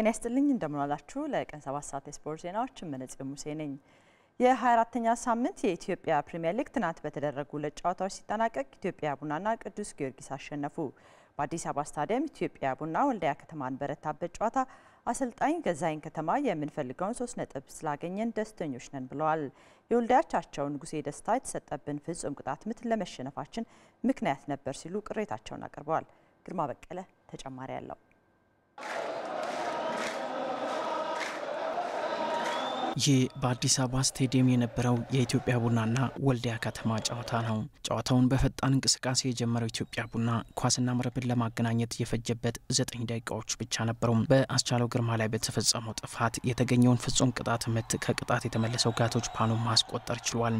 ጤና ይስጥልኝ እንደምናላችሁ። ለቀን 7 ሰዓት የስፖርት ዜናዎችን ምንጽ ሙሴ ነኝ። የ24ተኛ ሳምንት የኢትዮጵያ ፕሪሚየር ሊግ ትናንት በተደረጉ ሁለት ጨዋታዎች ሲጠናቀቅ ኢትዮጵያ ቡናና ቅዱስ ጊዮርጊስ አሸነፉ። በአዲስ አበባ ስታዲየም ኢትዮጵያ ቡና ወልዳያ ከተማን በረታበት ጨዋታ አሰልጣኝ ገዛይን ከተማ የምንፈልገውን ሶስት ነጥብ ስላገኘን ደስተኞች ነን ብለዋል። የወልዳያቻቸው ንጉሴ ደስታ የተሰጠብን ፍጹም ቅጣት ምት ለመሸነፋችን ምክንያት ነበር ሲሉ ቅሬታቸውን አቅርበዋል። ግርማ በቀለ ተጨማሪ አለው። ይህ በአዲስ አበባ ስቴዲየም የነበረው የኢትዮጵያ ቡናና ወልዲያ ከተማ ጨዋታ ነው። ጨዋታውን በፈጣን እንቅስቃሴ የጀመረው ኢትዮጵያ ቡና ኳስና መረብን ለማገናኘት የፈጀበት ዘጠኝ ደቂቃዎች ብቻ ነበሩ። በአስቻለው ግርማ ላይ በተፈጸመው ጥፋት የተገኘውን ፍጹም ቅጣት ምት ከቅጣት የተመለሰው ጋቶች ፓኖ ማስቆጠር ችሏል።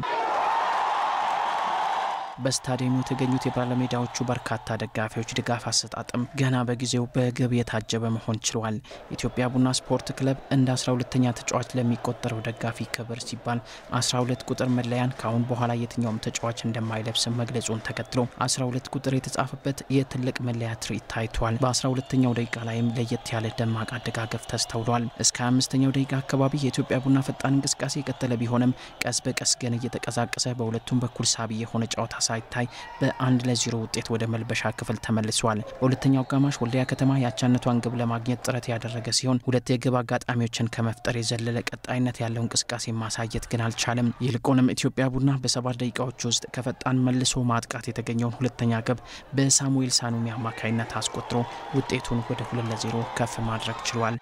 በስታዲየሙ የተገኙት የባለሜዳዎቹ በርካታ ደጋፊዎች ድጋፍ አሰጣጥም ገና በጊዜው በግብ የታጀበ መሆን ችሏል። ኢትዮጵያ ቡና ስፖርት ክለብ እንደ 12 ተኛ ተጫዋች ለሚቆጠረው ደጋፊ ክብር ሲባል 12 ቁጥር መለያን ከአሁን በኋላ የትኛውም ተጫዋች እንደማይለብስም መግለጹን ተከትሎ 12 ቁጥር የተጻፈበት የትልቅ መለያ ትርኢት ታይቷል። 12 ተኛው ደቂቃ ላይም ለየት ያለ ደማቅ አደጋገፍ ተስተውሏል። እስከ 25ኛው ደቂቃ አካባቢ የኢትዮጵያ ቡና ፈጣን እንቅስቃሴ የቀጠለ ቢሆንም ቀስ በቀስ ግን እየተቀዛቀሰ በሁለቱም በኩል ሳቢ የሆነ ጨዋታ ሳይታይ በአንድ ለዜሮ ውጤት ወደ መልበሻ ክፍል ተመልሷል። በሁለተኛው አጋማሽ ወልዲያ ከተማ የአቻነቷን ግብ ለማግኘት ጥረት ያደረገ ሲሆን ሁለት የግብ አጋጣሚዎችን ከመፍጠር የዘለለ ቀጣይነት ያለው እንቅስቃሴ ማሳየት ግን አልቻለም። ይልቁንም ኢትዮጵያ ቡና በሰባት ደቂቃዎች ውስጥ ከፈጣን መልሶ ማጥቃት የተገኘውን ሁለተኛ ግብ በሳሙኤል ሳኑሚ አማካይነት አስቆጥሮ ውጤቱን ወደ ሁለት ለዜሮ ከፍ ማድረግ ችሏል።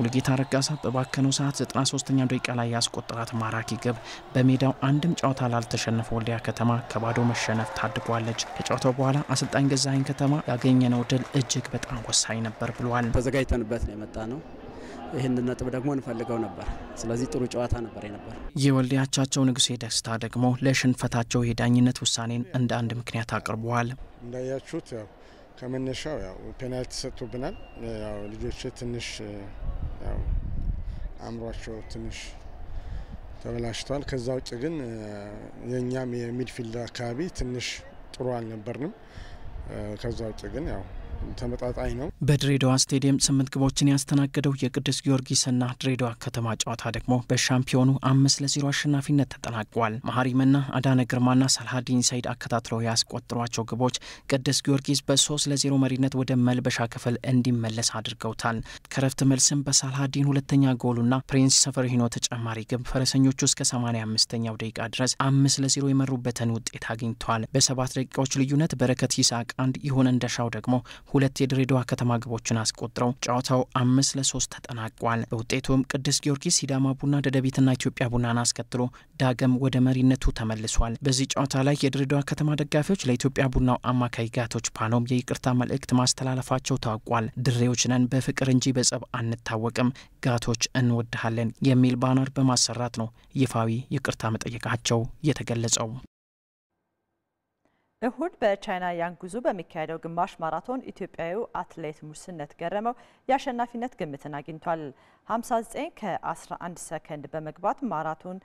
ሙሉጌታ ረጋሳ በባከነው ሰዓት 93 ኛ ደቂቃ ላይ ያስቆጠራት ማራኪ ግብ በሜዳው አንድም ጨዋታ ላልተሸነፈ ወልዲያ ከተማ ከባዶ መሸነፍ ታድጓለች። ከጨዋታው በኋላ አሰልጣኝ ገዛኸኝ ከተማ ያገኘነው ድል እጅግ በጣም ወሳኝ ነበር ብሏል። ተዘጋጅተንበት ነው የመጣ ነው ይህን ነጥብ ደግሞ እንፈልገው ነበር። ስለዚህ ጥሩ ጨዋታ ነበር የነበር። የወልዲያቻቸው ንጉሴ ደስታ ደግሞ ለሽንፈታቸው የዳኝነት ውሳኔን እንደ አንድ ምክንያት አቅርበዋል። እንዳያችሁት ያው ከመነሻው ያው ፔናልቲ ሰጥቶብናል። ያው ልጆች ትንሽ አእምሯቸው ትንሽ ተበላሽቷል። ከዛ ውጭ ግን የእኛም የሚድፊልድ አካባቢ ትንሽ ጥሩ አልነበርንም። ከዛ ውጭ ግን ያው ተመጣጣኝ ነው። በድሬዳዋ ስቴዲየም ስምንት ግቦችን ያስተናገደው የቅዱስ ጊዮርጊስና ድሬዳዋ ከተማ ጨዋታ ደግሞ በሻምፒዮኑ አምስት ለዜሮ አሸናፊነት ተጠናቋል። መሀሪምና አዳነ ግርማና ሳልሃዲን ሰይድ አከታትለው ያስቆጥሯቸው ግቦች ቅዱስ ጊዮርጊስ በሶስት ለዜሮ መሪነት ወደ መልበሻ ክፍል እንዲመለስ አድርገውታል። ከረፍት መልስም በሳልሃዲን ሁለተኛ ጎሉና ፕሪንስ ሰፈርሂኖ ተጨማሪ ግብ ፈረሰኞቹ እስከ 85ኛው ደቂቃ ድረስ አምስት ለዜሮ የመሩበትን ውጤት አግኝተዋል። በሰባት ደቂቃዎች ልዩነት በረከት ይስሐቅ አንድ ይሁን እንደሻው ደግሞ ሁለት የድሬዳዋ ከተማ ግቦችን አስቆጥረው ጨዋታው አምስት ለሶስት ተጠናቋል። በውጤቱም ቅዱስ ጊዮርጊስ ሲዳማ ቡና፣ ደደቢትና ኢትዮጵያ ቡናን አስከትሎ ዳግም ወደ መሪነቱ ተመልሷል። በዚህ ጨዋታ ላይ የድሬዳዋ ከተማ ደጋፊዎች ለኢትዮጵያ ቡናው አማካይ ጋቶች ፓኖም የይቅርታ መልእክት ማስተላለፋቸው ታውቋል። ድሬዎች ነን በፍቅር እንጂ በጸብ አንታወቅም፣ ጋቶች እንወድሃለን የሚል ባነር በማሰራት ነው ይፋዊ ይቅርታ መጠየቃቸው የተገለጸው። እሁድ በቻይና ያንጉዙ በሚካሄደው ግማሽ ማራቶን ኢትዮጵያዊው አትሌት ሙስነት ገረመው የአሸናፊነት ግምትን አግኝቷል። 59 ከ11 ሰከንድ በመግባት ማራቶን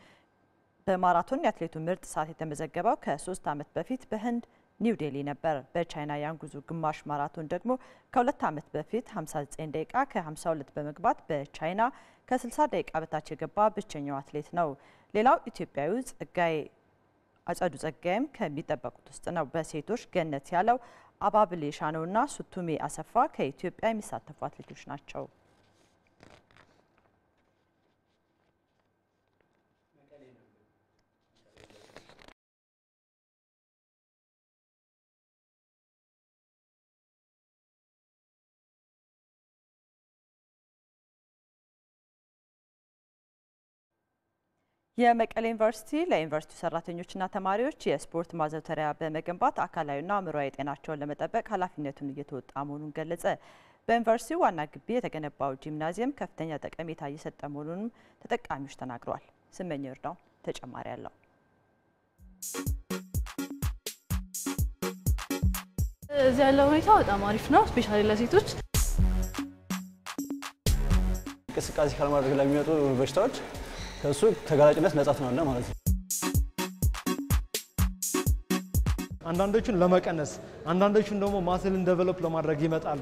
በማራቶን የአትሌቱ ምርጥ ሰዓት የተመዘገበው ከ3 ዓመት በፊት በህንድ ኒው ዴሊ ነበር። በቻይና ያንጉዙ ግማሽ ማራቶን ደግሞ ከሁለት ዓመት በፊት 59 ደቂቃ ከ52 በመግባት በቻይና ከ60 ደቂቃ በታች የገባ ብቸኛው አትሌት ነው። ሌላው ኢትዮጵያዊ ጸጋዬ አጸዱ ጸጋይም ከሚጠበቁት ውስጥ ነው። በሴቶች ገነት ያለው አባብሌ ሻነውና ሱቱሜ አሰፋ ከኢትዮጵያ የሚሳተፉ አትሌቶች ናቸው። የመቀሌ ዩኒቨርሲቲ ለዩኒቨርሲቲው ሰራተኞችና ተማሪዎች የስፖርት ማዘውተሪያ በመገንባት አካላዊና አእምሯዊ ጤናቸውን ለመጠበቅ ኃላፊነቱን እየተወጣ መሆኑን ገለጸ። በዩኒቨርሲቲው ዋና ግቢ የተገነባው ጂምናዚየም ከፍተኛ ጠቀሜታ እየሰጠ መሆኑንም ተጠቃሚዎች ተናግረዋል። ስመኝ እርዳው ተጨማሪ አለው። እዚህ ያለው ሁኔታ በጣም አሪፍ ነው፣ ስፔሻሊ ለሴቶች እንቅስቃሴ ካልማድረግ ለሚመጡ በሽታዎች ከእሱ ተጋላጭነት ነጻ እና ማለት ነው። አንዳንዶቹን ለመቀነስ አንዳንዶቹን ደግሞ ማስልን ደቨሎፕ ለማድረግ ይመጣሉ።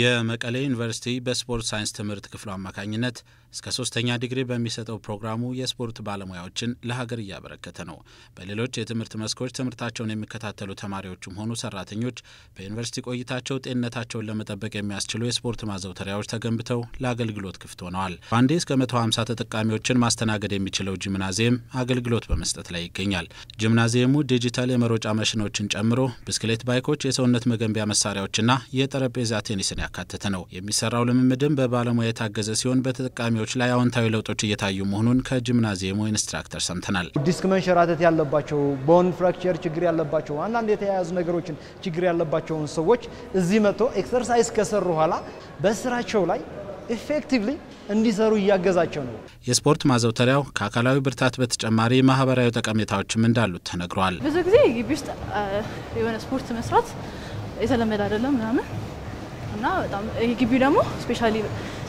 የመቀሌ ዩኒቨርሲቲ በስፖርት ሳይንስ ትምህርት ክፍሉ አማካኝነት እስከ ሶስተኛ ዲግሪ በሚሰጠው ፕሮግራሙ የስፖርት ባለሙያዎችን ለሀገር እያበረከተ ነው። በሌሎች የትምህርት መስኮች ትምህርታቸውን የሚከታተሉ ተማሪዎችም ሆኑ ሰራተኞች በዩኒቨርሲቲ ቆይታቸው ጤንነታቸውን ለመጠበቅ የሚያስችሉ የስፖርት ማዘውተሪያዎች ተገንብተው ለአገልግሎት ክፍት ሆነዋል። በአንዴ እስከ 150 ተጠቃሚዎችን ማስተናገድ የሚችለው ጂምናዚየም አገልግሎት በመስጠት ላይ ይገኛል። ጂምናዚየሙ ዲጂታል የመሮጫ ማሽኖችን ጨምሮ ብስክሌት ባይኮች፣ የሰውነት መገንቢያ መሳሪያዎችና የጠረጴዛ ቴኒስን ያካተተ ነው። የሚሰራው ልምምድም በባለሙያ የታገዘ ሲሆን በተጠቃሚዎች ላይ አዎንታዊ ለውጦች እየታዩ መሆኑን ከጂምናዚየሙ ኢንስትራክተር ሰምተናል። ዲስክ መንሸራተት ያለባቸው፣ ቦን ፍራክቸር ችግር ያለባቸው፣ አንዳንድ የተያያዙ ነገሮችን ችግር ያለባቸውን ሰዎች እዚህ መጥቶ ኤክሰርሳይዝ ከሰሩ ኋላ በስራቸው ላይ ኢፌክቲቭሊ እንዲሰሩ እያገዛቸው ነው። የስፖርት ማዘውተሪያው ከአካላዊ ብርታት በተጨማሪ ማህበራዊ ጠቀሜታዎችም እንዳሉት ተነግሯል። ብዙ ጊዜ ግቢ ውስጥ የሆነ ስፖርት መስራት የተለመደ አይደለም ምናምን እና በጣም ይህ ግቢ ደግሞ ስፔሻሊ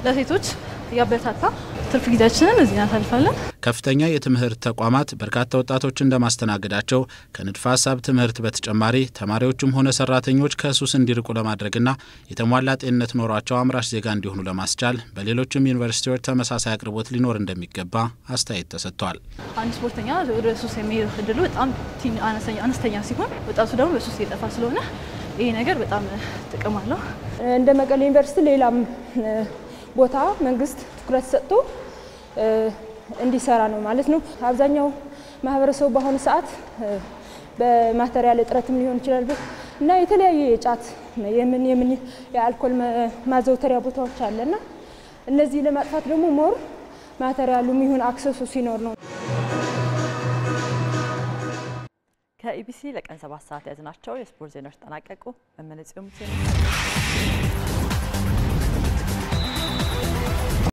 ለሴቶች እያበረታታ ትርፍ ጊዜያችንን እዚህ እናሳልፋለን። ከፍተኛ የትምህርት ተቋማት በርካታ ወጣቶች እንደማስተናገዳቸው ከንድፈ ሀሳብ ትምህርት በተጨማሪ ተማሪዎችም ሆነ ሰራተኞች ከሱስ እንዲርቁ ለማድረግና የተሟላ ጤንነት ኖሯቸው አምራች ዜጋ እንዲሆኑ ለማስቻል በሌሎችም ዩኒቨርሲቲዎች ተመሳሳይ አቅርቦት ሊኖር እንደሚገባ አስተያየት ተሰጥቷል። አንድ ስፖርተኛ ወደ ሱስ የሚሄድ እድሉ በጣም አነስተኛ ሲሆን፣ ወጣቱ ደግሞ በሱስ የጠፋ ስለሆነ ይሄ ነገር በጣም ጥቅም አለው። እንደ መቀሌ ዩኒቨርሲቲ ሌላም ቦታ መንግስት ትኩረት ሰጥቶ እንዲሰራ ነው ማለት ነው። አብዛኛው ማህበረሰቡ በአሁኑ ሰዓት በማቴሪያል እጥረትም ሊሆን ይችላል እና የተለያዩ የጫት የምን የምን የአልኮል ማዘውተሪያ ቦታዎች አለና እነዚህ ለማጥፋት ደግሞ ሞር ማቴሪያሉም ይሁን አክሰሱ ሲኖር ነው። ከኢቢሲ ለቀን ሰባት ሰዓት ያዝናቸው የስፖርት ዜናዎች ተጠናቀቁ። መመለጽ ሙሴ